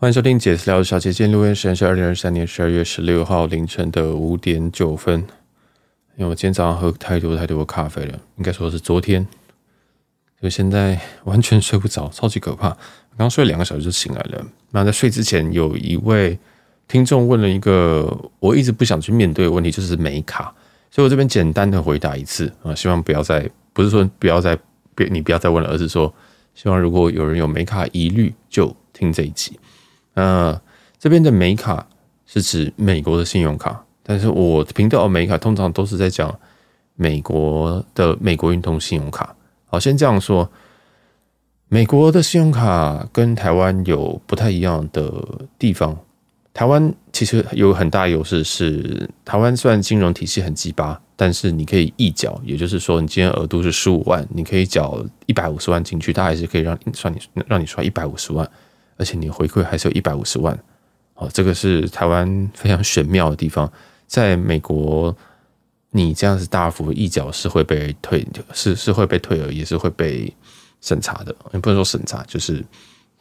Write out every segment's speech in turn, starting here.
歡迎收聽《解釋聊小姐》，今天錄音時間是二零二三年十二月十六號凌晨的五點九分。因為我今天早上喝太多太多咖啡了，應該說是昨天，所以現在完全睡不着，超級可怕。剛睡兩個小時就醒來了。那在睡之前，有一位聽眾問了一個我一直不想去面對的問題，就是美卡。所以我這邊簡單的回答一次啊、呃，希望不要再不是說不要再別你不要再問了，而是說希望如果有人有美卡疑慮，就聽這一集。那這邊的美卡是指美國的信用卡，但是我頻道的美卡通常都是在講美國的美國運通信用卡。好，先這樣說，美國的信用卡跟台灣有不太一樣的地方。台灣其實有很大優勢是，台灣雖然金融體系很雞巴，但是你可以溢繳，也就是說，你今天額度是十五萬，你可以繳一百五十萬進去，它還是可以讓算你，你讓你刷一百五十萬。而且你回饋還是有一百五十萬，哦，這個是台灣非常玄妙的地方。在美國，你這樣子大幅一角是會被退，是是會被退而也是會被審查的，也不能說審查，就是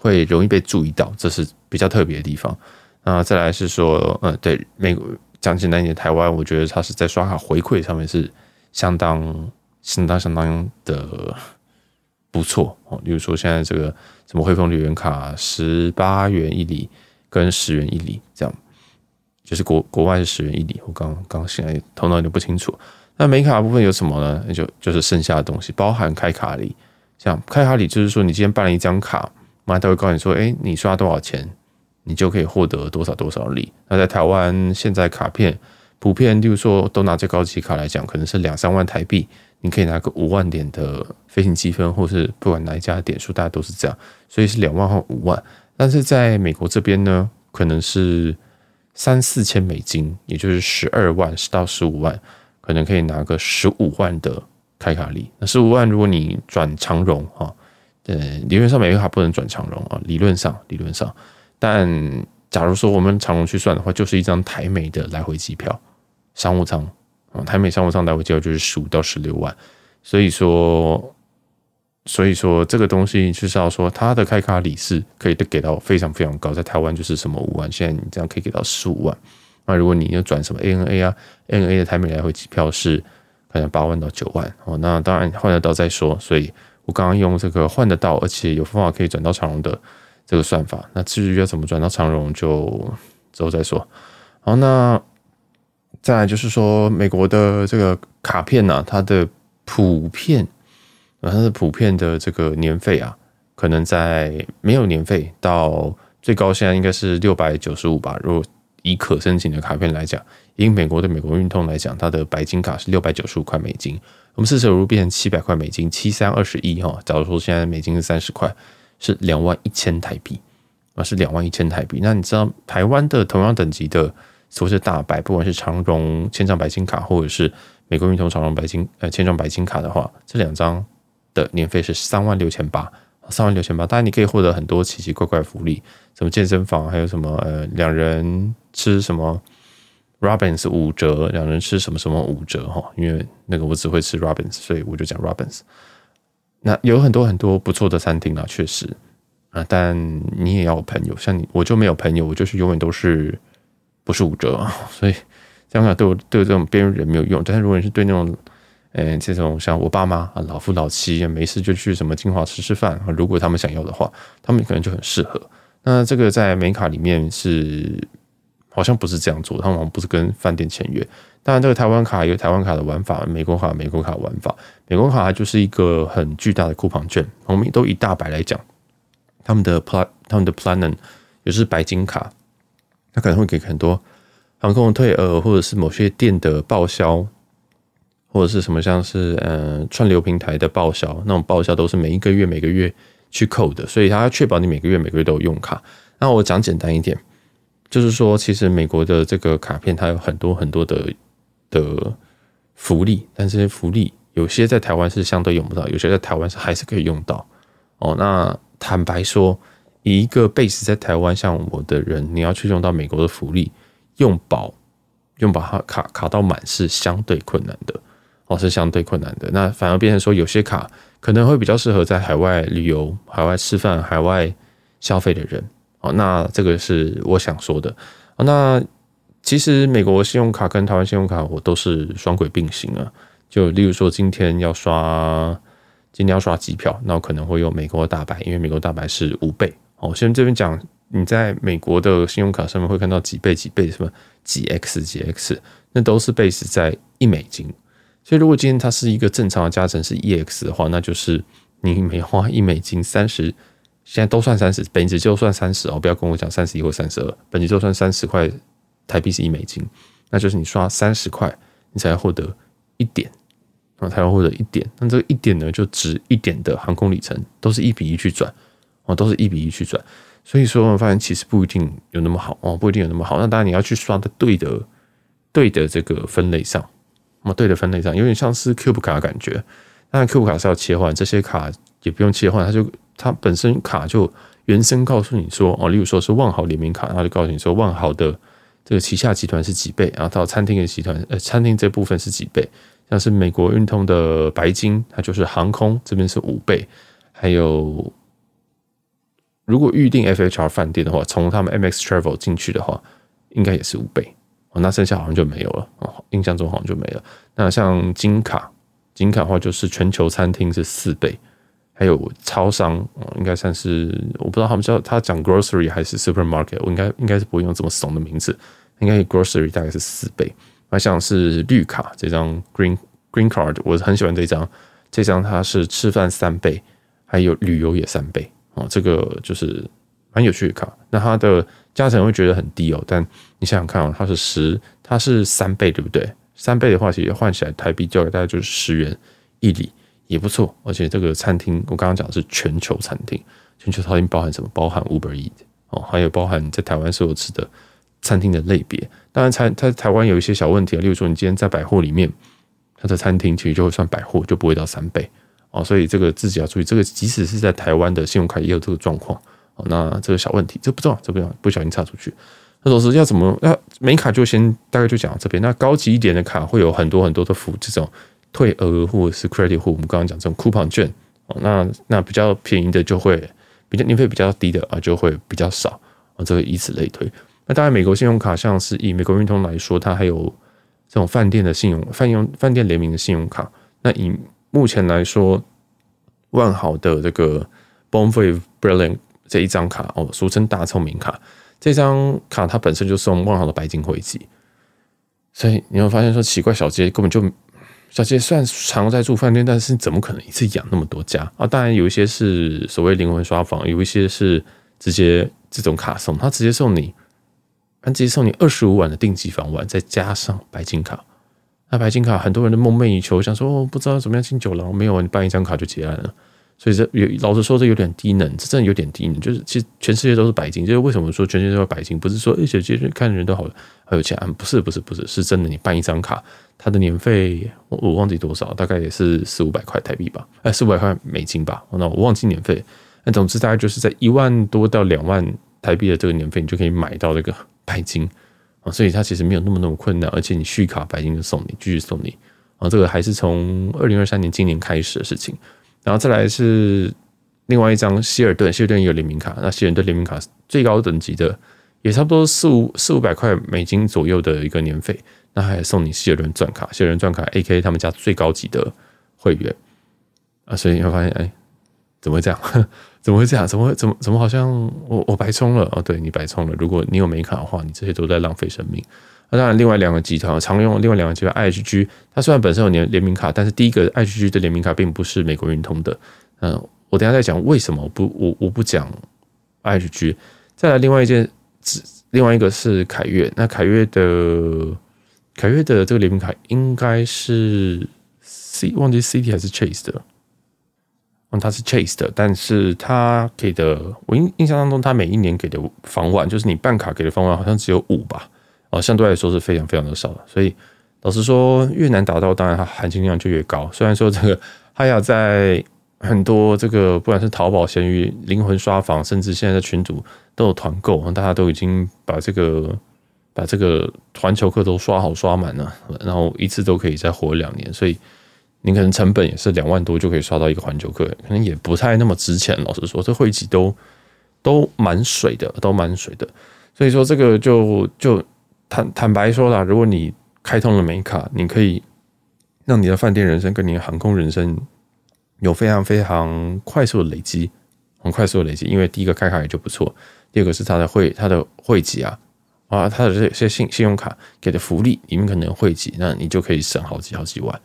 會容易被注意到，這是比較特別的地方。啊、呃，再來是說，呃，對美國講起來，你的台灣，我覺得它是在刷卡回饋上面是相當相當相當的不錯。哦，例如說現在這個什麼匯豐旅人卡十、啊、八元一里跟十元一里這樣，就是國國外是十元一里，我剛剛醒來頭腦有點不清楚。那美卡部分有什麼呢？就就是剩下的東西，包含開卡禮，像開卡禮就是說你今天辦了一張卡，馬上他會告訴你說，哎、欸，你刷多少錢，你就可以獲得多少多少禮。那在台灣現在卡片普遍，例如說都拿最高級卡來講，可能是兩三萬台幣。你可以拿個五萬點的飛行積分，或是不管哪一家的點數，大家都是這樣，所以是兩萬或五萬。但是在美國這邊呢，可能是三四千美金，也就是十二萬到十五萬，可能可以拿個十五萬的開卡禮。那十五萬如果你轉長榮啊，呃，理論上美國卡不能轉長榮啊，理論上，理論上。但假如說我們長榮去算的話，就是一張台美的來回機票，商務艙。台美商務艙來回機票就是十五到十六萬，所以說，所以說這個東西就是要說，它的開卡禮是可以給到非常非常高，在台灣就是什麼五萬，現在你這樣可以給到十五萬。那如果你要轉什麼 ANA 啊，ANA 的台美來回機票是好像八萬到九萬哦。那當然換得到再說，所以我剛剛用這個換得到，而且有方法可以轉到長榮的這個算法。那至於要怎麼轉到長榮，就之後再說。好，那。再來就是說，美國的這個卡片啊，它的普遍，啊，它的普遍的這個年費啊，可能在沒有年費到最高，現在應該是六百九十五吧。如果以可申請的卡片來講，以美國的美國運通來講，它的白金卡是六百九十五塊美金。我們四捨五入變成七百塊美金，七三二十一哈。假如說現在美金是三十塊，是兩萬一千台幣啊，是兩萬一千台幣。那你知道台灣的同樣等級的？所謂是大白，不管是長榮、簽帳白金卡，或者是美國運通長榮白金呃簽帳白金卡的話，這兩張的年費是三萬六千八，三萬六千八。當然你可以獲得很多奇奇怪怪的福利，什麼健身房，還有什麼呃兩人吃什麼，Robins 五折，兩人吃什麼什麼五折哈。因為那個我只會吃 Robins，所以我就講 Robins。那有很多很多不錯的餐廳啊，確實啊、呃，但你也要有朋友，像你我就沒有朋友，我就是永遠都是。不是五折，所以香港卡對我對我這種邊緣人沒有用。但是如果你是對那種，嗯、欸，這種像我爸媽啊，老夫老妻，也沒事就去什麼金華吃吃飯，啊，如果他們想要的話，他們可能就很適合。那這個在美卡裡面是好像不是這樣做，他們好像不是跟飯店簽約。當然，這個台灣卡有台灣卡的玩法，美國卡美國卡的玩法，美國卡就是一個很巨大的 coupon 券，我們都以大白來講，他們的 plan 他們的 plan 呢也是白金卡。他可能會給很多航空退額，或者是某些店的報銷，或者是什麼像是呃、串流平台的報銷。那種報銷都是每一個月每個月去扣的，所以他要確保你每個月每個月都有用卡。那我講簡單一點，就是說，其實美國的這個卡片它有很多很多的的福利，但這些福利有些在台灣是相對用不到，有些在台灣是還是可以用到。哦，那坦白說。以一個 base 在台灣像我的人，你要去用到美國的福利，用保用把它卡卡到滿是相對困難的哦，是相對困難的。那反而變成說，有些卡可能會比較適合在海外旅遊、海外吃飯、海外消費的人哦。那這個是我想說的。那其實美國信用卡跟台灣信用卡我都是雙軌並行啊。就例如說今，今天要刷今天要刷機票，那我可能會用美國的大白，因為美國的大白是五倍。哦，先這邊講，你在美國的信用卡上面會看到幾倍幾倍什麼幾 x 幾 x，那都是 base 在一美金。所以如果今天它是一個正常的加成是一 x 的話，那就是你每花一美金三十，現在都算三十，本子就算三十哦，不要跟我講三十一或三十二，本子就算三十塊台幣是一美金，那就是你刷三十塊，你才會獲得一點，那才會獲得一點，那這個一點呢就值一點的航空里程，都是一比一去轉。哦，都是一比一去轉，所以說我們發現其實不一定有那麼好哦，不一定有那麼好。那當然你要去刷的對的對的這個分類上，麼、嗯、對的分類上有點像是 Cube 卡的感覺。當然 Cube 卡是要切換，這些卡也不用切換，它就它本身卡就原生告訴你說哦，例如說是萬豪聯名卡，它就告訴你說萬豪的這個旗下集團是幾倍，然後到餐廳的集團呃餐廳這部分是幾倍。像是美國運通的白金，它就是航空這邊是五倍，還有。如果預定 FHR 飯店的話，從他們 MX Travel 進去的話，應該也是五倍哦。那剩下好像就沒有了哦，印象中好像就沒了。那像金卡，金卡的話就是全球餐廳是四倍，還有超商、嗯、應該算是我不知道他們知道他講 Grocery 還是 Supermarket，我應該應該是不會用這麼慫的名字，應該 Grocery 大概是四倍。那像是綠卡這張 Green Green Card，我很喜歡這張，這張它是吃飯三倍，還有旅遊也三倍。哦，這個就是蠻有趣的卡。那它的加成會覺得很低哦，但你想想看、哦，它是十，它是三倍，對不對？三倍的話，其實換起來台幣交給大家就是十元一里也不錯。而且這個餐廳，我剛剛講的是全球餐廳，全球餐廳包含什麼？包含 Uber e a t 哦，還有包含在台灣所有吃的餐廳的類別。當然，台台灣有一些小問題啊，例如說，你今天在百貨裡面，它的餐廳其實就會算百貨，就不會到三倍。哦，所以這個自己要注意，這個即使是在台灣的信用卡也有這個狀況。哦，那這個小問題，這個、不重要，這個、不重要，不小心插出去。那都是要怎麼，那美卡就先大概就講到這邊。那高級一點的卡會有很多很多的福，這種退額或者是 credit 或我們剛剛講這種 coupon 券。哦，那那比較便宜的就會比較年費比較低的啊，就會比較少。啊，這個以此類推。那當然，美國信用卡像是以美國運通來說，它還有這種飯店的信用、飯用飯店聯名的信用卡。那以目前來說，萬豪的這個 Bonvoy Brilliant 這一張卡哦，俗稱大聰明卡，這張卡它本身就送萬豪的白金會籍，所以你會發現說，奇怪，小杰根本就小杰雖然常在住飯店，但是怎麼可能一次養那麼多家啊？當然有一些是所謂靈魂刷房，有一些是直接這種卡送，他直接送你，它直接送你二十五晚的定級房晚，再加上白金卡。那白金卡，很多人都夢寐以求，想說我不知道怎麼樣進酒廊，沒有啊，你辦一張卡就結案了。所以這有老實說，這有點低能，這真的有點低能，就是其實全世界都是白金。就是為什麼說全世界都是白金，不是說哎，有些看人都好，好有錢，不是，不是，不是，是真的。你辦一張卡，它的年費我我忘記多少，大概也是四五百塊台幣吧，哎，四五百塊美金吧。那我忘記年費，那總之大概就是在一萬多到兩萬台幣的這個年費，你就可以買到這個白金。所以它其實沒有那麼那麼困難，而且你續卡白金就送你，繼續送你啊！這個還是從二零二三年今年開始的事情。然後再來是另外一張希爾頓，希爾頓也有聯名卡，那希爾頓聯名卡最高等級的也差不多四五四五百塊美金左右的一個年費，那還送你希爾頓鑽卡，希爾頓鑽卡 AK 他們家最高級的會員啊，所以你會發現哎。欸怎麼會這樣？怎麼會這樣？怎麼會怎麼怎麼好像我我白充了哦，對你白充了。如果你有美卡的話，你這些都在浪費生命。那、啊、當然，另外兩個集團常用，另外兩個集團 IHG，它雖然本身有聯聯名卡，但是第一個 IHG 的聯名卡並不是美國運通的。嗯，我等下再講為什麼不我我不講 IHG。再來另外一件，另外一個是凱悅。那凱悅的凱悅的這個聯名卡應該是 C 忘記 Citi 還是 Chase 的。嗯，他是 chase 的，但是他給的，我印印象當中，他每一年給的房晚，就是你辦卡給的房晚，好像只有五吧，啊、哦，相對來說是非常非常的少的，所以老實說，越難達到，當然它含金量就越高。雖然說這個哈亞在很多這個，不管是淘寶、閒魚、靈魂刷房，甚至現在在群組都有團購，大家都已經把這個把這個環球客都刷好刷滿了，然後一次都可以再活兩年，所以。你可能成本也是兩萬多就可以刷到一個環球客人，可能也不太那麼值錢。老實說，這匯集都都蠻水的，都蠻水的。所以說，這個就就坦坦白說啦，如果你開通了美卡，你可以讓你的飯店人生跟你的航空人生有非常非常快速的累積，很快速的累積。因為第一個開卡也就不錯，第二個是它的匯它的匯集啊啊，它的這些信信用卡給的福利，你們可能匯集，那你就可以省好幾好幾萬。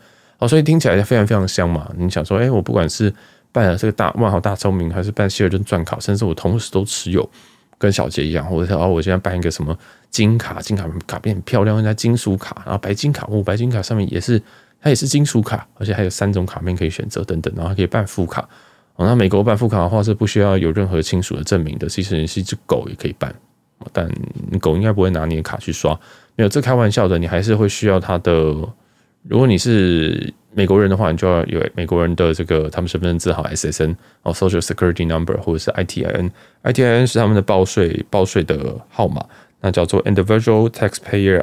哦、所以聽起來就非常非常香嘛！你想說，哎、欸，我不管是辦了這個大萬豪大聰明，還是辦希爾頓鑽卡，甚至我同時都持有，跟小杰一樣。我想，哦，我現在辦一個什麼金卡，金卡卡片很漂亮，應該金屬卡，然後白金卡，哦，白金卡上面也是，它也是金屬卡，而且還有三種卡片可以選擇等等，然後還可以辦副卡，哦。那美國辦副卡的話是不需要有任何親屬的證明的，其實你是一隻狗也可以辦，但你狗應該不會拿你的卡去刷。沒有，這開玩笑的，你還是會需要它的。如果你是美國人的話，你就要有美國人的這個他們身份證字號 SSN 哦，Social Security Number 或者是 ITIN，ITIN IT 是他們的報稅報稅的號碼，那叫做 Individual Taxpayer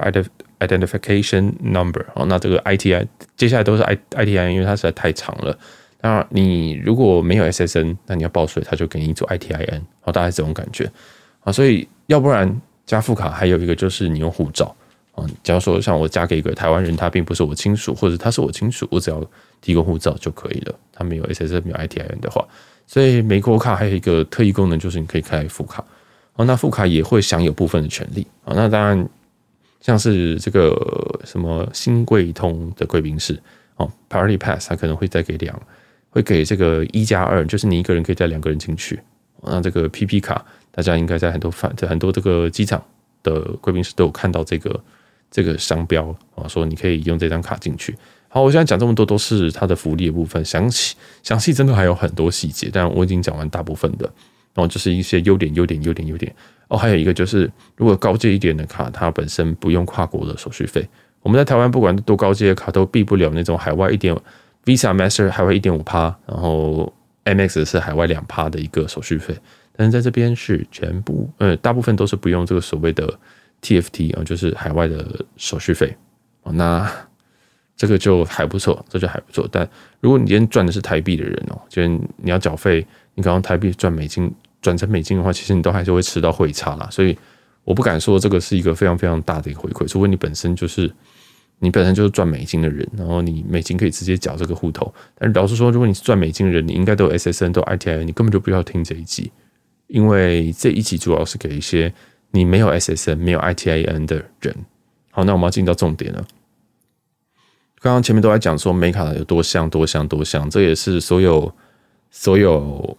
Identification Number 哦，那這個 ITI 接下來都是 ITIN，因為它實在太長了。當然，你如果沒有 SSN，那你要報稅，它就給你一組 ITIN，好，大概是這種感覺啊，所以要不然加附卡，還有一個就是你用護照。假如說像我嫁給一個台灣人，他並不是我親屬，或者他是我親屬，我只要提供護照就可以了。他沒有 S S N 沒有 I T I N 的話，所以美國卡還有一個特異功能，就是你可以開副卡。哦，那副卡也會享有部分的權利。啊，那當然像是這個什麼新貴通的貴賓室哦，Priority Pass 他可能會再給兩，會給這個一加二，2, 就是你一個人可以帶兩個人進去。那這個 P P 卡，大家應該在很多泛在很多這個機場的貴賓室都有看到這個。這個商標啊，說你可以用這張卡進去。好，我現在講這麼多都是它的福利的部分，詳細詳細真的還有很多細節，但我已經講完大部分的。然後就是一些優點，優點，優點，優點。哦，還有一個就是，如果高階一點的卡，它本身不用跨國的手續費。我們在台灣不管多高階的卡都避不了那種海外一點 Visa Master 海外一點五趴，然後 MX 是海外兩趴的一個手續費，但是在這邊是全部，嗯、呃，大部分都是不用這個所謂的。TFT 啊，就是海外的手續費哦，那這個就還不錯，這就還不錯。但如果你今天賺的是台幣的人哦，就是你要繳費，你可能台幣轉美金，轉成美金的話，其實你都還是會吃到匯差啦。所以我不敢說這個是一個非常非常大的一個回饋，除非你本身就是你本身就是賺美金的人，然後你美金可以直接繳這個戶頭。但老實說，如果你是賺美金的人，你應該都有 SSN，都有 ITI，你根本就不要聽這一集，因為這一集主要是給一些。你沒有 SSN 沒有 ITIN 的人，好，那我們要進到重點了。剛剛前面都在講說美卡有多香多香多香，這也是所有所有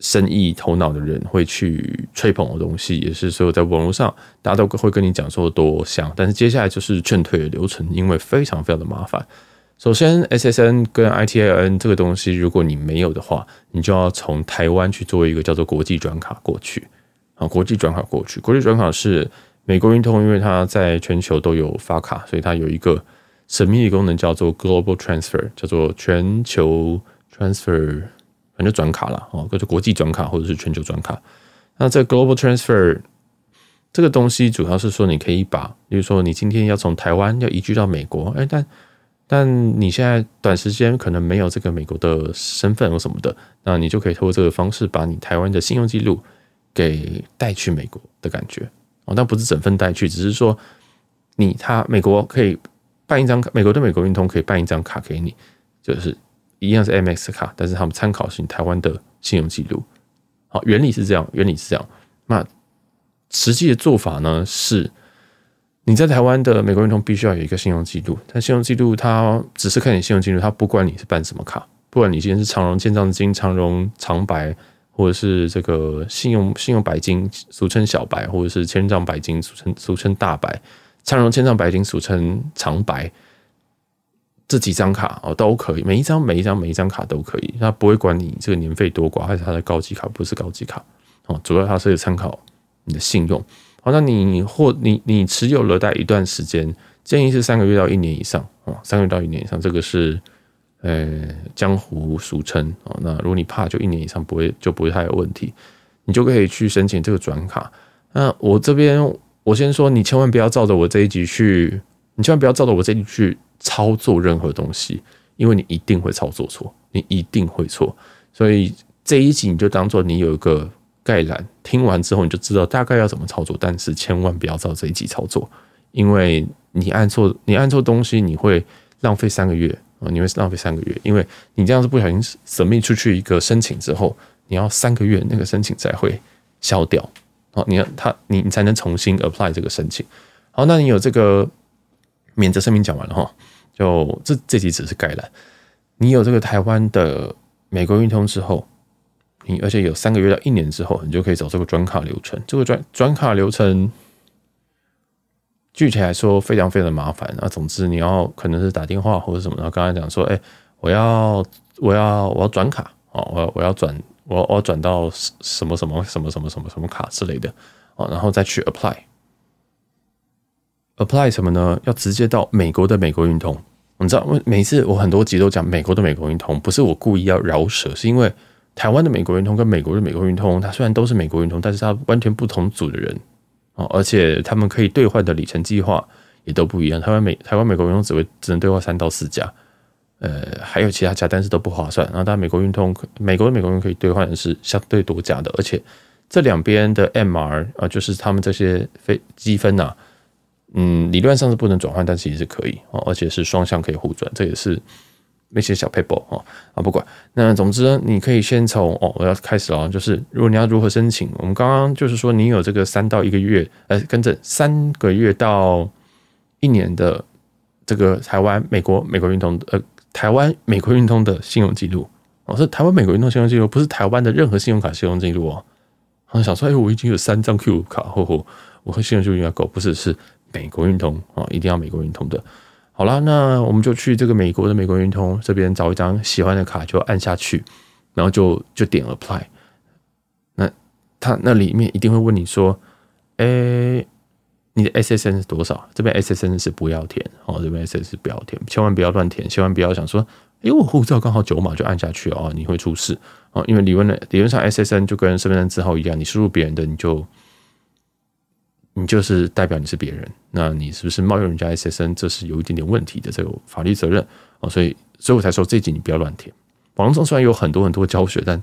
生意頭腦的人會去吹捧的東西，也是所有在網絡上大家都會跟你講說的多香。但是接下來就是勸退的流程，因為非常非常的麻煩。首先，SSN 跟 ITIN 這個東西，如果你沒有的話，你就要從台灣去做一個叫做國際轉卡過去。國際轉卡過去，國際轉卡是美國運通，因為它在全球都有發卡，所以它有一個神秘的功能叫做 Global Transfer，叫做全球 Transfer，反正啦就轉卡了哦，或者國際轉卡或者是全球轉卡。那在 Global Transfer 這個東西，主要是說你可以把，比如說你今天要從台灣要移居到美國，哎，但但你現在短時間可能沒有這個美國的身份或什麼的，那你就可以通過這個方式把你台灣的信用記錄。給帶去美國的感覺哦，但不是整份帶去，只是說你他美國可以辦一張美國的美國運通可以辦一張卡給你，就是一樣是 M X 卡，但是他們參考是你台灣的信用記錄。好，原理是這樣，原理是這樣。那實際的做法呢是，你在台灣的美國運通必須要有一個信用記錄，但信用記錄它只是看你信用記錄，它不管你是辦什麼卡，不管你今天是長榮簽帳金、長榮長白。或者是這個信用信用白金，俗稱小白，或者是簽帳白金俗，俗稱俗稱大白，長榮簽帳白金，俗稱長白，這幾張卡哦都可以，每一張每一張每一張卡都可以，他不會管你這個年費多寡，還是他的高級卡不是高級卡，哦，主要他是參考你的信用，好，那你或你你持有了大概一段時間，建議是三個月到一年以上，哦，三個月到一年以上，這個是。呃、欸，江湖俗稱哦。那如果你怕，就一年以上不會，就不會太有問題，你就可以去申請這個轉卡。那我這邊，我先說，你千萬不要照着我這一集去，你千萬不要照着我這一集去操作任何東西，因為你一定會操作錯，你一定會錯。所以這一集你就當做你有一個概覽，聽完之後你就知道大概要怎麼操作，但是千萬不要照這一集操作，因為你按錯，你按錯東西，你會浪費三個月。你會浪費三個月，因為你這樣子不小心 submit 出去一個申請之後，你要三個月那個申請才會消掉哦。你要他你你才能重新 apply 這個申請。好，那你有這個免責聲明講完了哈，就這這集只是概覽。你有這個台灣的美國運通之後，你而且有三個月到一年之後，你就可以走這個轉卡流程。這個轉轉卡流程。具體來說，非常非常的麻煩啊。那總之，你要可能是打電話或者什麼的。剛剛講說，哎，我要我要我要轉卡哦，我要我要轉我要我要轉到什麼什麼什麼什麼什麼什麼卡之類的哦，然後再去 apply apply 什麼呢？要直接到美國的美國運通。你知道，每次我很多集都講美國的美國運通，不是我故意要饒舌，是因為台灣的美國運通跟美國的美國運通，它雖然都是美國運通，但是它完全不同組的人。哦，而且他們可以兌換的里程計劃也都不一樣。台灣美台灣美國運通只會只能兌換三到四家，呃，還有其他家，但是都不划算。然後，但美國運通美國的美國運通可以兌換的是相對多家的，而且這兩邊的 MR 啊，就是他們這些飛積分啊，嗯，理論上是不能轉換，但其實是可以哦，而且是雙向可以互轉，這也是。那些小 paper 啊啊，不管，那總之呢，你可以先從哦，我要開始了，就是如果你要如何申請，我們剛剛就是說你有這個三到一個月，呃、欸，跟着三個月到一年的這個台灣、美國、美國運通，呃，台灣、美國運通的信用記錄，我、哦、是台灣、美國運通信用記錄，不是台灣的任何信用卡信用記錄哦。我、啊、想說、欸，我已經有三張 Q 卡，吼吼，我和信用就應該夠，不是，是美國運通啊，一定要美國運通的。好啦，那我們就去這個美國的美國運通這邊找一張喜歡的卡，就按下去，然後就就點 apply。那他那裡面一定會問你說：“哎、欸，你的 SSN 是多少？”這邊 SSN 是不要填哦、喔，這邊 SS 是不要填，千萬不要亂填，千萬不要想說：“哎、欸，我護照剛好九碼就按下去哦、喔，你會出事哦、喔，因為理論的理論上 SSN 就跟身份證字號一樣，你輸入別人的你就。你就是代表你是別人，那你是不是冒用人家 SSN？這是有一點點問題的，這個法律責任哦，所以，所以我才說這一集你不要亂填。網絡上雖然有很多很多教學，但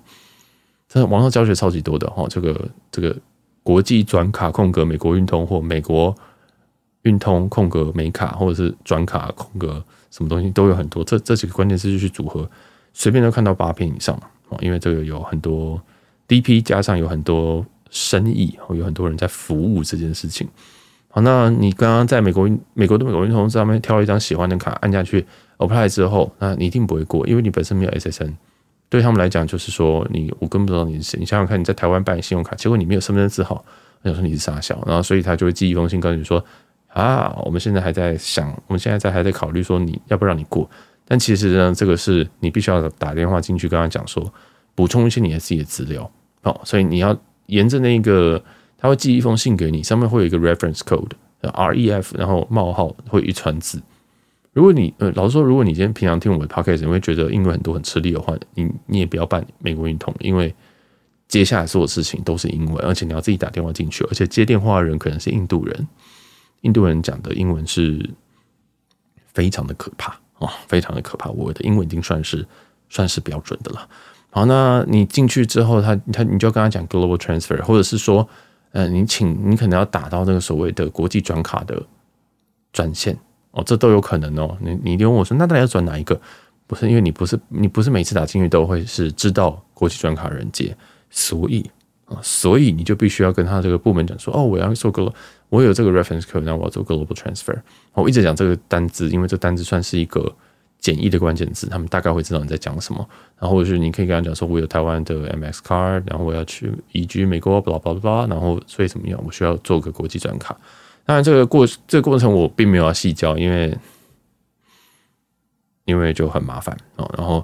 但網上教學超級多的哈、哦，這個這個國際轉卡空格美國運通或美國運通空格美卡或者是轉卡空格什麼東西都有很多，這這幾個關鍵詞就去組合，隨便都看到八篇以上哦，因為這個有很多 DP 加上有很多。生意，有很多人在服務這件事情。好，那你剛剛在美國美國的運通上面挑了一張喜歡的卡，按下去 apply 之後，那你一定不會過，因為你本身沒有 SSN。對他們來講，就是說你我根本不知道你是誰。你想想看，你在台灣辦信用卡，結果你沒有身份證字號，那我想說你是殺小。然後，所以他就會寄一封信告訴你說：“啊，我們現在還在想，我們現在還在還在考慮說你要不讓你過。”但其實呢，這個是你必須要打電話進去跟他講說，補充一些你的自己的資料。好，所以你要。沿着那個，他會寄一封信給你，上面會有一個 reference code，R E F，然後冒號會一串字。如果你呃，老實說，如果你今天平常聽我的 podcast，你會覺得英文很多很吃力的話，你你也不要辦美國運通，因為接下來做的事情都是英文，而且你要自己打電話進去，而且接電話的人可能是印度人，印度人講的英文是非常的可怕哦，非常的可怕。我的英文已經算是算是標準的了。好，那你進去之後他，他他你就跟他講 global transfer，或者是說，嗯、呃，你請你可能要打到那個所謂的國際轉卡的專線哦，這都有可能哦。你你問我說，那大家要轉哪一個？不是因為你不是你不是每次打進去都會是知道國際轉卡人接，所以啊、哦，所以你就必須要跟他這個部門講說，哦，我要做 global，我有這個 reference code，那我要做 global transfer。我一直講這個單字，因為這單字算是一個簡易的關鍵字，他們大概會知道你在講什麼。然後就是你可以跟他講說，我有台灣的 MX 卡，然後我要去移居美國，巴拉巴拉巴拉，然後所以怎麼樣，我需要做個國際轉卡。當然這個過這個過程我並沒有要細教，因為因為就很麻煩哦。然後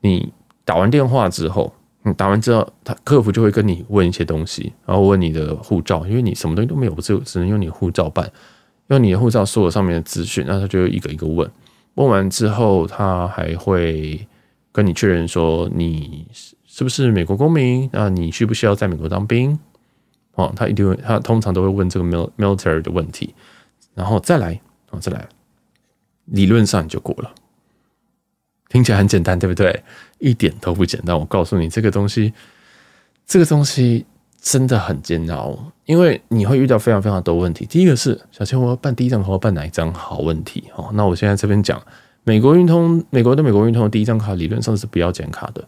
你打完電話之後，你打完之後，他客服就會跟你問一些東西，然後問你的護照，因為你什麼東西都沒有，只有只能用你的護照辦，用你的護照所有上面的資訊，那他就一個一個問，問完之後他還會。跟你確認說你是不是美國公民啊？那你需不需要在美國當兵？哦，他一定會，他通常都會問這個 military 的問題，然後再來，哦，再來，理論上你就過了。聽起來很簡單，對不對？一點都不簡單，我告訴你，這個東西，這個東西真的很煎熬，因為你會遇到非常非常多問題。第一個是，小青，我要辦第一張，我要辦哪一張？好問題哦。那我現在在這邊講。美國運通，美國的美國運通的第一張卡理論上是不要剪卡的。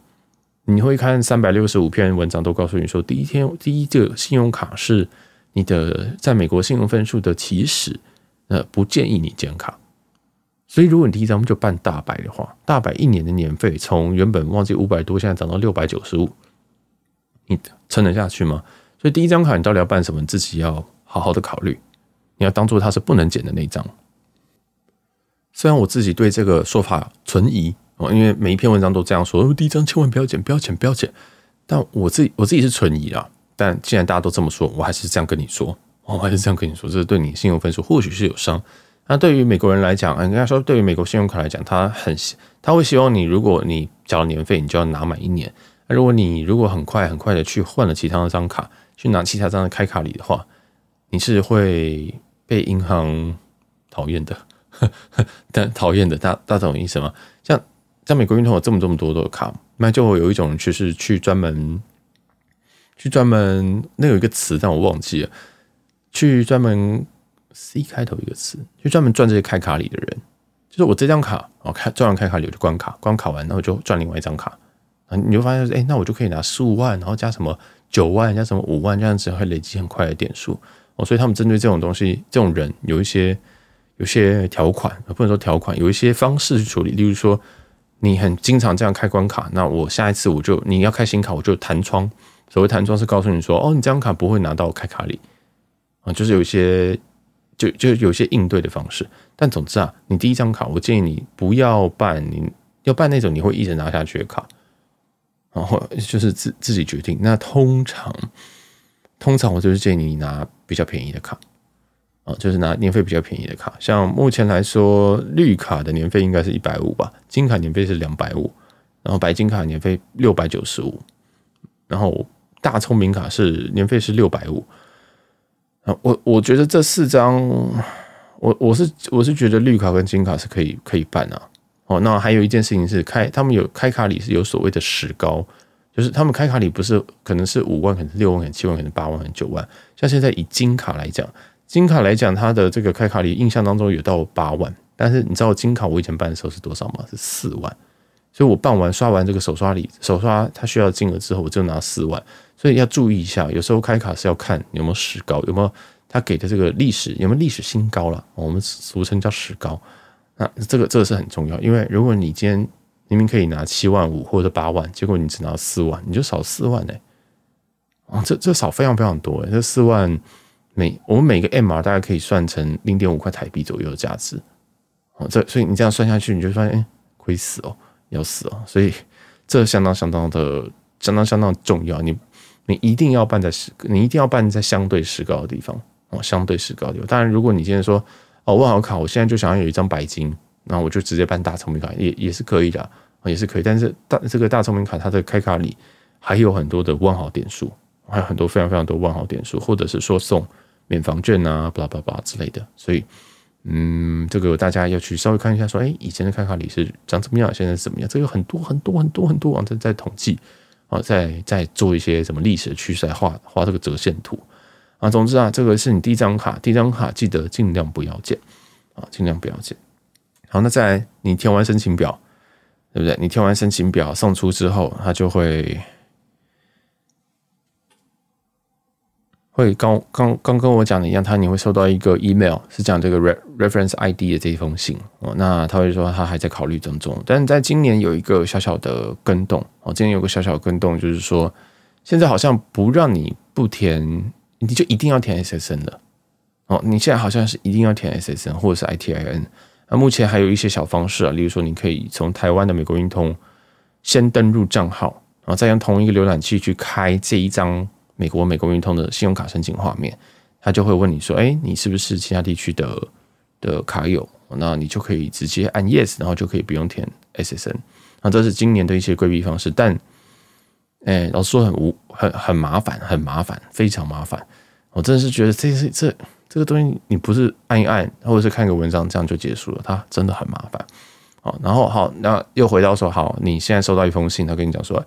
你會看三百六十五篇文章，都告訴你說，第一天第一個信用卡是你的在美國信用分數的起始，呃，不建議你剪卡。所以，如果你第一張就辦大白的話，大白一年的年費從原本忘記五百多，現在漲到六百九十五，你撐得下去嗎？所以，第一張卡你到底要辦什麼，你自己要好好的考慮。你要當做它是不能剪的那張。雖然我自己對這個說法存疑，因為每一篇文章都這樣說，第一張千萬不要剪，不要剪，不要剪。但我自己，我自己是存疑啊。但既然大家都這麼說，我還是這樣跟你說，我還是這樣跟你說，這是對你信用分數或許是有傷。那、啊、對於美國人來講，應、啊、該說，對於美國信用卡來講，他很他會希望你，如果你繳了年費，你就要拿滿一年。那、啊、如果你如果很快很快的去換了其他那張卡，去拿其他張的開卡禮的話，你是會被銀行討厭的。 但討厭的，大大懂意思嗎？像像美國運通有這麼這麼多，多的卡，那就有一種，就是去專門去專門，那有一個詞，但我忘記了，去專門 C 開頭一個詞，就專門賺這些開卡里的人，就是我這張卡，我、喔、開，賺完開卡里我就關卡，關卡完，然後就賺另外一張卡，啊，你就發現，哎、欸，那我就可以拿四五萬，然後加什麼九萬，加什麼五萬，這樣子會累積很快的點數，哦、喔，所以他們針對這種東西，這種人有一些。有些條款不能說條款，有一些方式去處理，例如說你很經常這樣開關卡，那我下一次我就你要開新卡，我就彈窗。所謂彈窗是告訴你說，哦，你這張卡不會拿到我開卡裡啊，就是有一些就就有一些應對的方式。但總之啊，你第一張卡，我建議你不要辦，你要辦那種你會一直拿下去的卡，然後就是自自己決定。那通常通常我就是建議你拿比較便宜的卡。哦，就是拿年費比較便宜的卡，像目前來說，綠卡的年費應該是一百五吧，金卡年費是兩百五，然後白金卡年費六百九十五，然後大聰明卡是年費是六百五。我我覺得這四張，我我是我是覺得綠卡跟金卡是可以可以辦啊。哦，那還有一件事情是開，他們有開卡里是有所謂的史高，就是他們開卡裡不是可能是五萬，可能六萬，可能七萬，可能八萬，可能九萬。像現在以金卡來講。金卡來講，它的這個開卡裡印象當中有到八萬，但是你知道金卡我以前辦的時候是多少嗎？是四萬，所以我辦完刷完這個手刷裡手刷它需要金額之後，我就拿四萬，所以要注意一下，有時候開卡是要看有沒有史高，有沒有他給的這個歷史有沒有歷史新高了，我們俗稱叫史高，那這個這個是很重要，因為如果你今天明明可以拿七萬五或者八萬，結果你只拿四萬，你就少四萬呢、欸？啊，這這少非常非常多，欸，這四萬。每我們每個 M R 大概可以算成零點五塊台幣左右的價值哦，這所以你這樣算下去，你就發現哎虧死哦，要死哦，所以這相當相當的相當相當重要，你你一定要辦在石，你一定要辦在相對石高的地方哦，相對石高的地方。當然，如果你現在說哦萬豪卡，我現在就想要有一張白金，那我就直接辦大聰明卡也也是可以的，也是可以。但是大這個大聰明卡它的開卡禮還有很多的萬豪點數，還有很多非常非常多萬豪點數，或者是說送。免房券啊，blah blah blah 之類的，所以，嗯，這個大家要去稍微看一下，說，哎、欸，以前的開卡禮是長怎麼樣，現在是怎麼樣？這個很多很多很多很多網站在統計啊，在在、哦、做一些什麼歷史的趨勢，來畫畫這個折線圖啊。總之啊，這個是你第一張卡，第一張卡記得盡量不要剪。啊，盡量不要剪。好，那在你填完申請表，對不對？你填完申請表送出之後，它就會。會剛剛剛跟我講的一樣，他你會收到一個 email 是講這個 reference ID 的這一封信哦。那他會說他還在考慮當中，但是在今年有一個小小的更動哦。今年有一個小小的更動，就是說現在好像不讓你不填，你就一定要填 SSN 了哦。你現在好像是一定要填 SSN 或者是 ITIN。那目前還有一些小方式啊，例如說你可以從台灣的美國運通先登入賬號，然後再用同一個瀏覽器去開這一張。美國美國運通的信用卡申請畫面，他就會問你說：“哎、欸，你是不是其他地區的的卡友？”那你就可以直接按 Yes，然後就可以不用填 SSN。那這是今年的一些規避方式，但誒、欸、老實說很無很很麻煩，很麻煩，非常麻煩。我真的是覺得、欸欸、這這這這個東西，你不是按一按，或者是看個文章，這樣就結束了，它真的很麻煩。好，然後好，那又回到說，好，你現在收到一封信，他跟你講說：“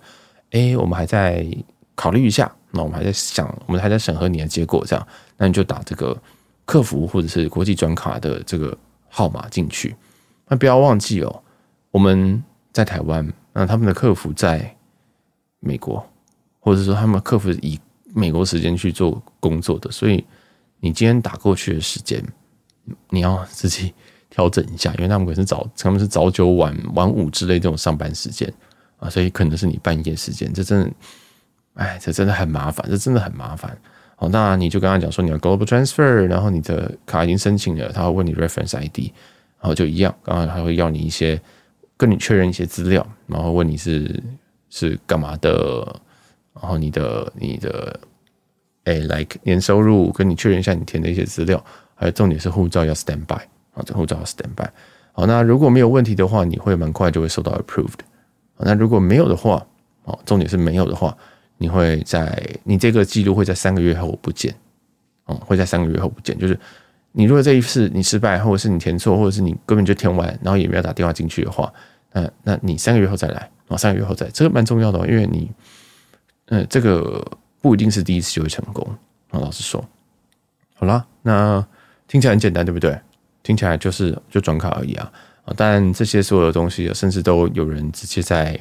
哎、欸，我們還在考慮一下。”那我們還在想，我們還在審核你的結果，這樣，那你就打這個客服或者是國際轉卡的這個號碼進去。那不要忘記哦，我們在台灣，那他們的客服在美國，或者說他們客服以美國時間去做工作的，所以你今天打過去的時間，你要自己調整一下，因為他們可能是早，他們是早九晚晚五之類這種上班時間啊，所以可能是你半夜時間，這真的。哎，這真的很麻煩，這真的很麻煩。好，那你就跟他講說你要 global transfer，然後你的卡已經申請了，他會問你 reference ID，然後就一樣。剛剛還會要你一些，跟你確認一些資料，然後問你是是幹嘛的，然後你的你的，哎，like 年收入，跟你確認一下你填的一些資料，還有重點是護照要 stand by，啊，這護照要 stand by。好，那如果沒有問題的話，你會蠻快就會收到 approved。那如果沒有的話，啊，重點是沒有的話。你會在你這個記錄會在三個月後不見，嗯，會在三個月後不見。就是你如果這一次你失敗，或者是你填錯，或者是你根本就填完，然後也沒有打電話進去的話，嗯，那你三個月後再來啊，三個月後再，這個蠻重要的哦，因為你，嗯，呃，這個不一定是第一次就會成功啊，嗯。老實說，好啦，那聽起來很簡單，對不對？聽起來就是就轉卡而已啊啊，但這些所有的東西，甚至都有人直接在。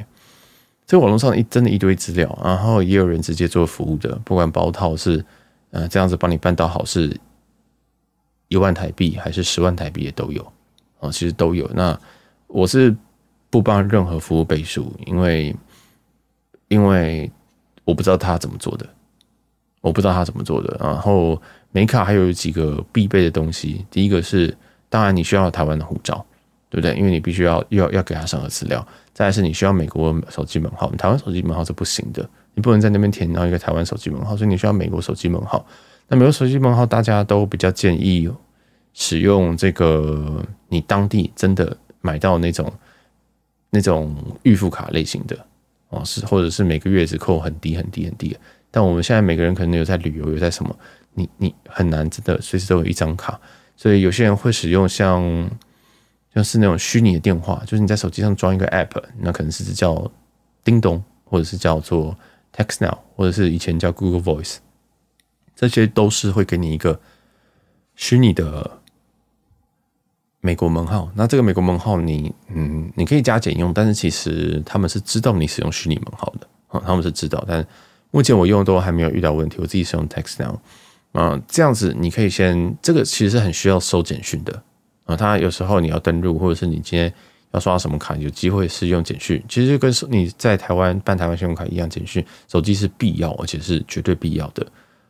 這個網絡上一真的一堆資料，然後也有人直接做服務的，不管包套是，呃，這樣子幫你辦到好是一萬台幣還是十萬台幣也都有，啊、哦，其實都有。那我是不幫任何服務背書，因為因為我不知道他怎麼做的，我不知道他怎麼做的。然後美卡還有幾個必備的東西，第一個是當然你需要台灣的護照，對不對？因為你必須要要要給他審核資料。再是你需要美國手機門號，台灣手機門號是不行的，你不能在那邊填到一個台灣手機門號，所以你需要美國手機門號。那美國手機門號，大家都比較建議使用這個，你當地真的買到的那種那種預付卡類型的哦，是或者是每個月只扣很低很低很低。但我們現在每個人可能有在旅遊，有在什麼，你你很難真的隨時都有一張卡，所以有些人會使用像。就是那種虛擬的電話，就是你在手機上裝一個 App，那可能是叫叮咚，或者是叫做 TextNow，或者是以前叫 Google Voice，這些都是會給你一個虛擬的美國門號。那這個美國門號你，你嗯，你可以加減用，但是其實他們是知道你使用虛擬門號的，他們是知道。但目前我用的都還沒有遇到問題，我自己使用 TextNow 啊，這樣子你可以先，這個其實是很需要收簡訊的。啊，他有時候你要登錄，或者是你今天要刷什麼卡，有機會是用簡訊。其實就跟你在台灣辦台灣信用卡一樣，簡訊手機是必要，而且是絕對必要的。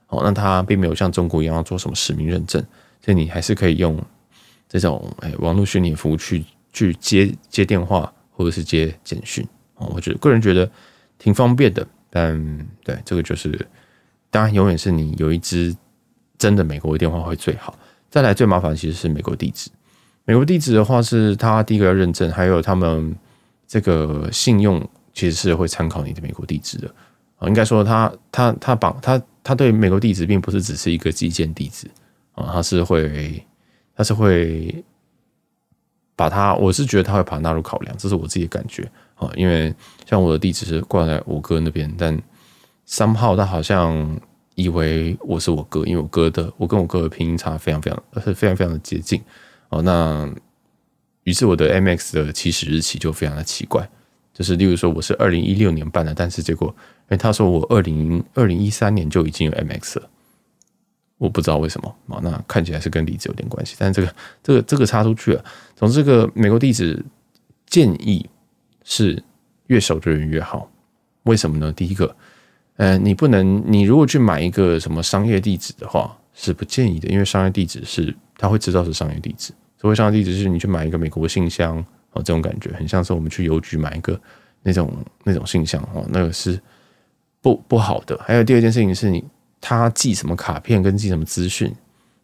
哦，那它並沒有像中國一樣要做什麼實名認證，所以你還是可以用這種哎、欸、網絡虛擬服務去去接接電話或者是接簡訊。哦，我覺得個人覺得挺方便的，但對這個就是當然永遠是你有一支真的美國的電話會最好。再來最麻煩其實是美國地址。美國地址的話，是他第一個要認證，還有他們這個信用其實是會參考你的美國地址的啊。應該說他，他他他綁他他對美國地址並不是只是一個寄件地址啊，他是會他是會把他，我是覺得他會把它納入考量，這是我自己的感覺啊。因為像我的地址是掛在我哥那邊，但三號他好像以為我是我哥，因為我哥的我跟我哥的拼音差非常非常是非常非常的接近。哦，那於是我的 MX 的起始日期就非常的奇怪，就是例如說我是二零一六年辦的，但是結果，哎，他說我二零二零一三年就已經有 MX 了，我不知道為什麼啊。那看起來是跟離職有點關係，但是這個這個這個插出去了。總之，這個美國地址建議是越熟的人越好，為什麼呢？第一個，呃，你不能，你如果去買一個什麼商業地址的話，是不建議的，因為商業地址是。他會知道是商業地址，所謂商業地址，是你去買一個美國的信箱，這種感覺很像是我們去郵局買一個那種那種信箱哦，那個是不不好的。還有第二件事情是你他寄什麼卡片跟寄什麼資訊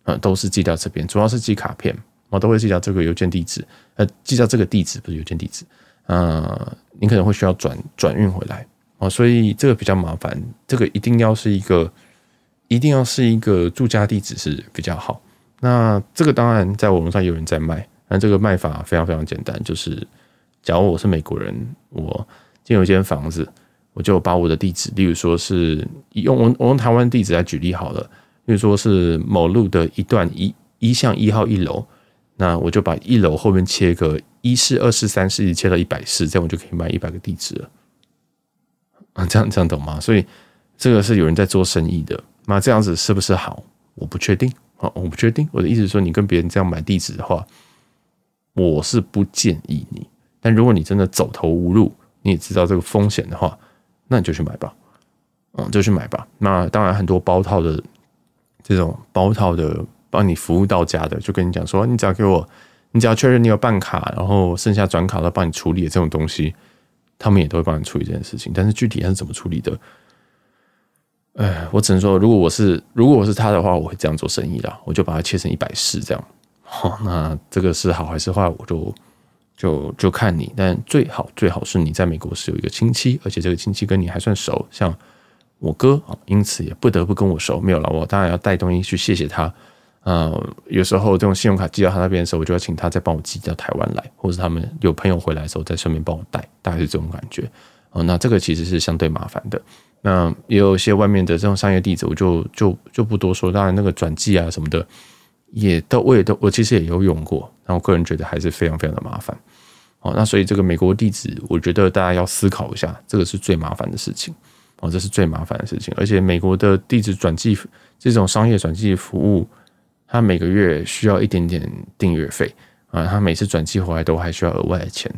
啊，都是寄到這邊，主要是寄卡片，我都會寄到這個郵件地址，呃，寄到這個地址不是郵件地址，啊、呃，你可能會需要轉轉運回來啊、呃，所以這個比較麻煩，這個一定要是一個一定要是一個住家地址是比較好。那這個當然，在網絡上有人在賣，但這個賣法非常非常簡單，就是，假如我是美國人，我現有間房子，我就把我的地址，例如說是用我我用台灣地址來舉例好了，例如說是某路的一段一一巷一號一樓，那我就把一樓後面切個一室二室三室，切到一百室，這樣我就可以賣一百個地址了啊，這樣這樣懂嗎？所以這個是有人在做生意的，那這樣子是不是好？我不確定。嗯，我不確定。我的意思是說，你跟別人這樣買地址的話，我是不建議你。但如果你真的走投無路，你也知道這個風險的話，那你就去買吧。嗯，就去買吧。那當然，很多包套的這種包套的幫你服務到家的，就跟你講說，你只要給我，你只要確認你有辦卡，然後剩下轉卡，他幫你處理的這種東西，他們也都會幫你處理這件事情。但是具體他是怎麼處理的？呃，我只能說，如果我是，如果我是他的話，我會這樣做生意啦。我就把它切成一百四這樣。好，那這個是好還是壞，我就就就看你。但最好最好是你在美國是有一個親戚，而且這個親戚跟你還算熟，像我哥，因此也不得不跟我熟。沒有啦，我當然要帶東西去謝謝他。呃，有時候這種信用卡寄到他那邊的時候，我就要請他再幫我寄到台灣來，或者他們有朋友回來的時候再順便幫我帶，大概是這種感覺。哦，那這個其實是相對麻煩的。那也有一些外面的這種商業地址，我就就就不多說。當然，那，那個轉寄啊什麼的，也都我也都我其實也有用過。那我個人覺得還是非常非常的麻煩。哦，那所以這個美國地址，我覺得大家要思考一下，這個是最麻煩的事情。哦，這是最麻煩的事情。而且美國的地址轉寄這種商業轉寄服務，它每個月需要一點點訂閱費啊，它每次轉寄回來都還需要額外的錢。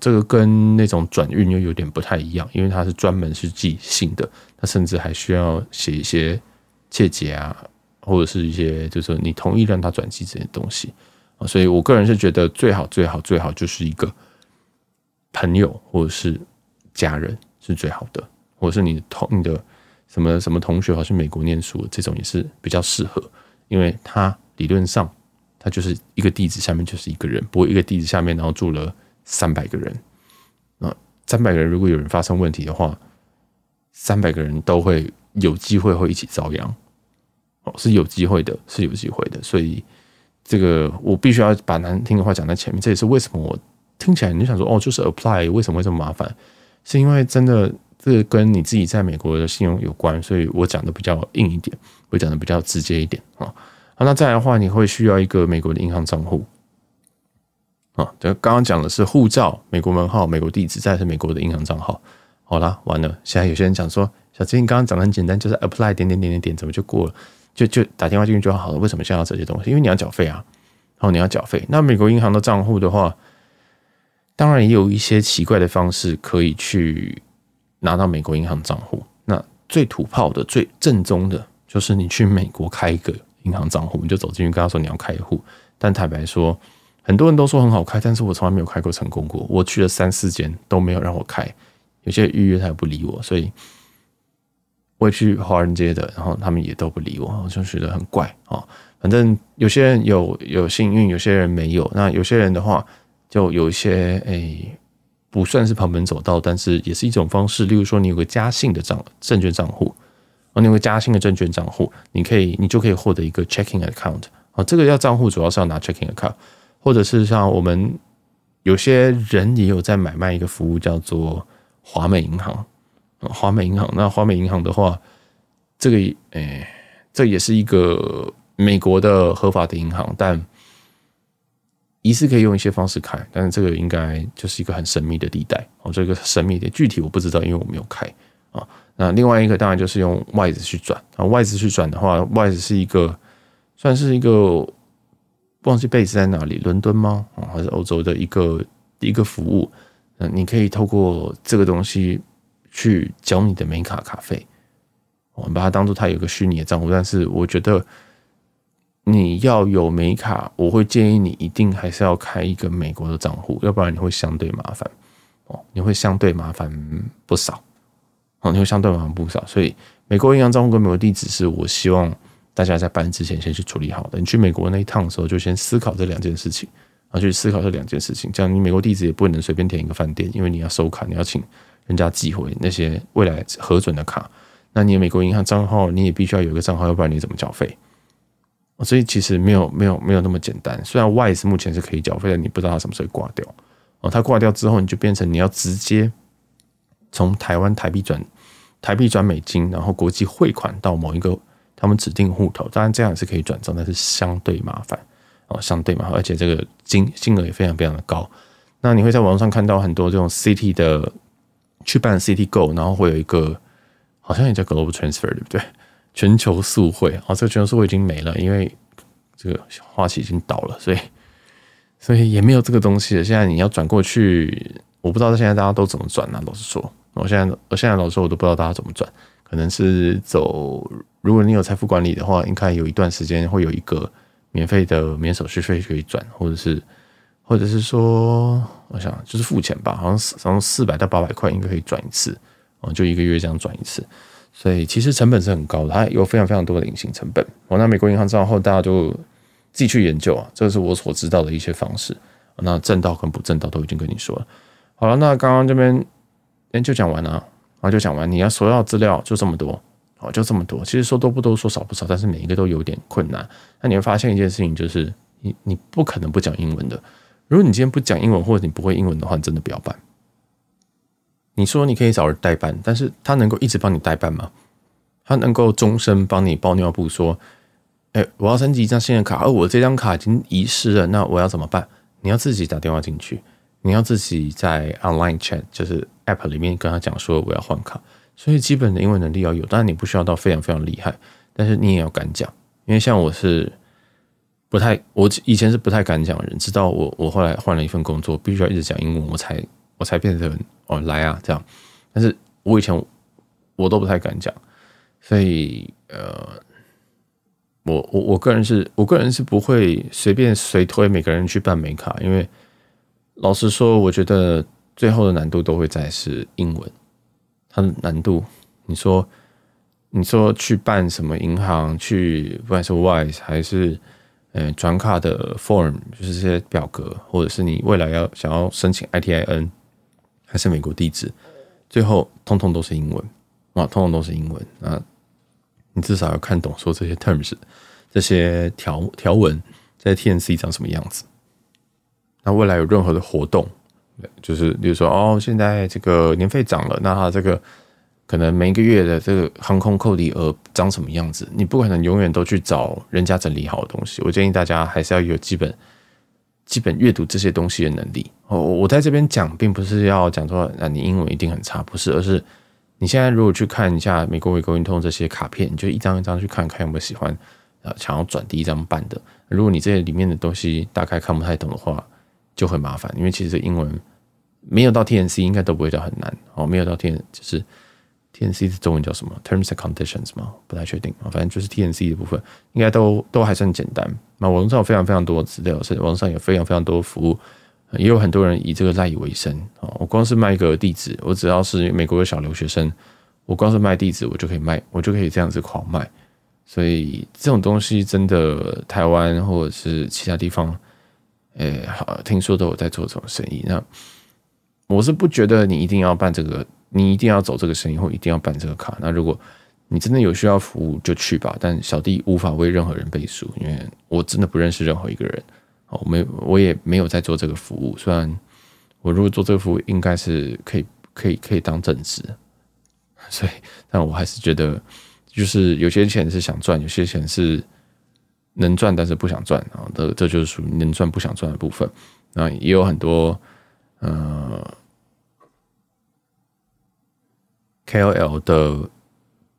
這個跟那種轉運又有點不太一樣，因為它是專門是寄信的，它甚至還需要寫一些切結啊，或者是一些就是你同意讓他轉寄這些東西啊。所以我個人是覺得最好最好最好就是一個朋友或者是家人是最好的，或者是你同你的什麼什麼同學，跑去美國念書的這種也是比較適合，因為他理論上他就是一個地址，下面就是一個人，不過一個地址下面然後住了，三百個人，啊，三百個人如果有人發生問題的話，三百個人都會有機會會一起遭殃。哦，是有機會的，是有機會的，所以這個我必須要把難聽的話講在前面，這也是為什麼我聽起來你就想說哦，就是 apply 為什麼會這麼麻煩，是因為真的這跟你自己在美國的信用有關，所以我講的比較硬一點，我講的比較直接一點啊，那再來的話，你會需要一個美國的銀行賬戶。哦、就剛剛講的是護照、美國門號、美國地址，再是美國的銀行賬號。好啦，完了。現在有些人講說：“小傑，你剛剛講的很簡單，就是 apply 點點點點點，怎麼就過了？就就打電話進去就好了，為什麼需要這些東西？因為你要繳費啊，然後，哦，你要繳費。那美國銀行的賬戶的話，當然也有一些奇怪的方式可以去拿到美國銀行賬戶。那最土炮的、最正宗的，就是你去美國開一個銀行賬戶，你就走進去跟他說你要開戶。但坦白說，很多人都說很好開，但是我從來沒有開過成功過。我去了三四間都沒有讓我開，有些預約他也不理我，所以我去華人街的，然後他們也都不理我，我就覺得很怪啊、哦。反正有些人有有幸運，有些人沒有。那有些人的話，就有一些誒、欸，不算是旁門左道，但是也是一種方式。例如說，你有個嘉信的賬證券賬戶，哦，你有個嘉信的證券賬戶，你可以，你就可以獲得一個 checking account 啊、哦。這個要賬戶主要是要拿 checking account。或者是像我們有些人也有在買賣一個服務，叫做華美銀行。華美銀行，那華美銀行的話，這個誒、欸，這也是一個美國的合法的銀行，但疑似可以用一些方式開，但是這個應該就是一個很神秘的地帶。哦，這個神秘的，具體我不知道，因為我沒有開啊、哦。那另外一個當然就是用 Wise 去轉啊，哦、Wise 去轉的話，Wise 是一個算是一個。忘記 Base 在哪裡？倫敦嗎？哦、還是歐洲的一個一個服務？嗯，你可以透過這個東西去繳你的美卡卡費。我、哦、們把它當做它有個虛擬的賬戶但是我覺得你要有美卡，我會建議你一定還是要開一個美國的賬戶要不然你會相對麻煩哦，你會相對麻煩不少哦，你會相對麻煩不少。所以美國銀行賬戶跟美國地址是我希望。大家在搬之前先去處理好了。你去美國那一趟的時候，就先思考這兩件事情然後去思考這兩件事情。這樣，你美國地址也不能隨便填一個飯店，因為你要收卡，你要請人家寄回那些未來核准的卡。那你的美國銀行賬號，你也必須要有一個賬號，要不然，你怎麼繳費？所以其實沒有沒有沒有那麼簡單。雖然 Y 是目前是可以繳費的，你不知道它什麼時候掛掉哦。它掛掉之後，你就變成你要直接從台灣台幣轉台幣轉美金，然後國際匯款到某一個。他們指定戶頭，當然這樣也是可以轉賬，但是相對麻煩哦、喔，相對麻煩，而且這個金金額也非常非常的高。那你會在網上看到很多這種 Citi 的去辦 Citi Go，然後會有一個好像也叫 Global Transfer，對不對？全球速匯。啊、喔，這個全球速匯已經沒了，因為這個花旗已經倒了，所以所以也沒有這個東西了。現在你要轉過去，我不知道現在大家都怎麼轉那、啊、老實說，我、喔、現在我現在老實說，我都不知道大家怎麼轉。可能是走，如果你有財富管理的話，應該有一段時間會有一個免費的免手續費可以轉，或者是，或者是說，我想就是付錢吧，好像從四百到八百塊應該可以轉一次，就一個月這樣轉一次，所以其實成本是很高的，它有非常非常多的隱形成本。我那美國銀行賬號大家就自己去研究啊，這是我所知道的一些方式。那正道跟不正道都已經跟你說了，好了，那剛剛這邊就講完了。然後就講完，你要所要資料就這麼多，哦，就這麼多。其實說多不多，說少不少，但是每一個都有點困難。那你會發現一件事情，就是你你不可能不講英文的。如果你今天不講英文，或者你不會英文的話，你真的不要辦。你說你可以找人代辦，但是他能夠一直幫你代辦嗎？他能夠終身幫你包尿布說？說、欸，我要升級一張新的卡，而、哦、我這張卡已經遺失了，那我要怎麼辦？你要自己打電話進去。你要自己在 online chat，就是 app 裡面跟他講說，我要換卡，所以基本的英文能力要有，但你不需要到非常非常厲害，但是你也要敢講，因為像我是不太，我以前是不太敢講人，直到我我後來換了一份工作，必須要一直講英文，我才我才變成哦來啊這樣，但是我以前我，我都不太敢講，所以呃，我我我個人是我個人是不會隨便隨推每個人去辦美卡，因為。老實說，我覺得最後的難度都會在是英文，它的難度。你說，你說去辦什麼銀行，去不管是 Wise 還是嗯、呃、轉卡的 form，就是這些表格，或者是你未來要想要申請 ITIN，還是美國地址，最後通通都是英文，哇、啊，通通都是英文啊！你至少要看懂說這些 terms，這些條條文，在 TNC 長什麼樣子。那未來有任何的活動，就是比如說哦，現在這個年費漲了，那他這個可能每個月的這個航空扣抵額長什麼樣子？你不可能永遠都去找人家整理好的東西。我建議大家還是要有基本基本閱讀這些東西的能力。我、哦、我在這邊講，並不是要講說啊，你英文一定很差，不是，而是你現在如果去看一下美國維格運通這些卡片，你就一張一張去看看有沒有喜歡啊，想要轉第一張辦的。如果你這裡面的東西大概看不太懂的話，就很麻煩，因為其實英文沒有到 TNC 應該都不會到很難哦。沒有到 TN 就是 TNC 的中文叫什麼？Terms and Conditions 嗎？不太確定啊。反正就是 TNC 的部分應該都都還算簡單。那網上有非常非常多資料，是網上有非常非常多服務，也有很多人以這個賴以為生啊。我光是賣一個地址，我只要是美國的小留學生，我光是賣地址，我就可以賣，我就可以這樣子狂賣。所以這種東西真的，台灣或者是其他地方。哎、欸，好，聽說都有在做這種生意。那我是不覺得你一定要辦這個，你一定要走這個生意，或一定要辦這個卡。那如果你真的有需要服務，就去吧。但小弟無法為任何人背書，因為我真的不認識任何一個人。我沒，我也沒有在做這個服務。雖然我如果做這個服務，應該是可以，可以，可以當正職。所以，但我還是覺得，就是有些錢是想賺，有些錢是。能賺，但是不想賺啊，這這就是屬於能賺不想賺的部分。那也有很多呃 KOL 的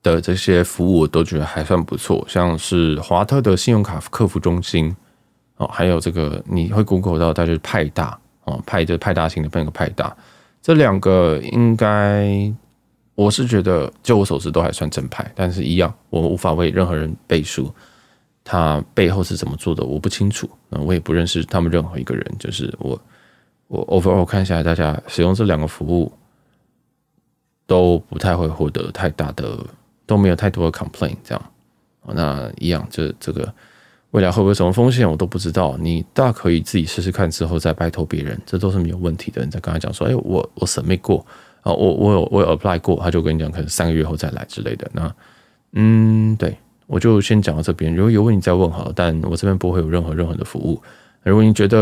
的這些服務，我都覺得還算不錯。像是華特的信用卡客服中心哦，還有這個你會 Google 到，它就是派大哦，派的、就是、派大星的那個派大，這兩個應該我是覺得，就我所知都還算正派，但是一樣，我無法為任何人背書。他背後是怎麼做的，我不清楚。嗯，我也不認識他們任何一個人。就是我，我 overall 看下來，大家使用這兩個服務都不太會獲得太大的，都沒有太多的 complain 這樣，那一樣，這這個未來會不會有什麼風險，我都不知道。你大可以自己試試看，之後再拜託別人，這都是沒有問題的。你再跟他講說，哎、欸，我我審沒過啊，我我有我有 apply 過，他就跟你講，可能三個月後再來之類的。那，嗯，對。我就先講到這邊，如果有問題再問好了，但我這邊不會有任何任何的服務。如果你覺得，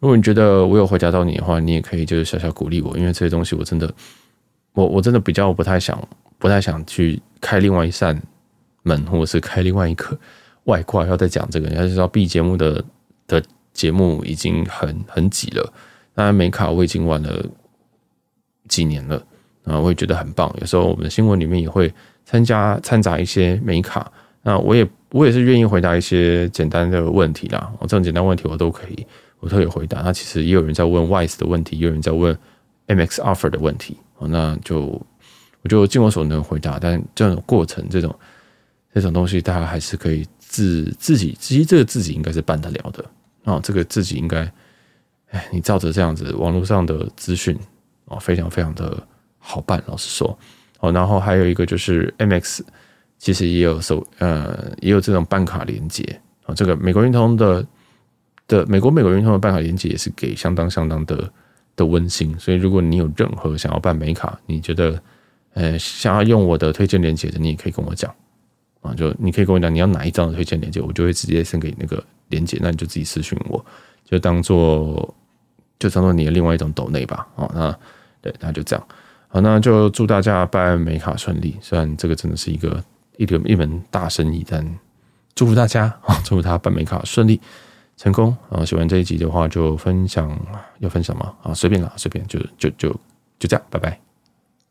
如果你覺得我有回答到你的話，你也可以就是小小鼓勵我，因為這些東西我真的，我我真的比較不太想，不太想去開另外一扇門，或者是開另外一個外掛，要再講這個，要知道 B 節目的的節目已經很很擠了，當然美卡我已經玩了幾年了，啊，我也覺得很棒。有時候我們的新聞裡面也會。參加摻雜一些美卡，那我也我也是願意回答一些簡單的問題啦。我、哦、這種簡單問題我都可以，我特別回答。那其實也有人在問 Wise 的問題，也有人在問 MX offer 的問題。哦、那就我就盡我所能回答，但這種過程這種這種東西，大家還是可以自自己，其實這個自己應該是辦得了的啊、哦。這個自己應該，哎，你照着這樣子網絡上的資訊、哦、非常非常的好辦。老實說。哦，然後還有一個就是 MX，其實也有手呃也有這種辦卡連接啊。這個美國運通的的美國美國運通的辦卡連接也是給相當相當的的溫馨。所以如果你有任何想要辦美卡，你覺得呃想要用我的推薦連接的，你也可以跟我講啊。就你可以跟我講你要哪一張推薦連接，我就會直接送給那個連接。那你就自己私訊我，就當做就當做你的另外一種抖內吧。哦，那對，那就這樣。好，那就祝大家辦美卡順利。雖然這個真的是一個一條一門大生意，但祝福大家啊，祝福他辦美卡順利成功啊！喜歡這一集的話，就分享，要分享嗎？啊，隨便啦，隨便就就就就這樣，拜拜。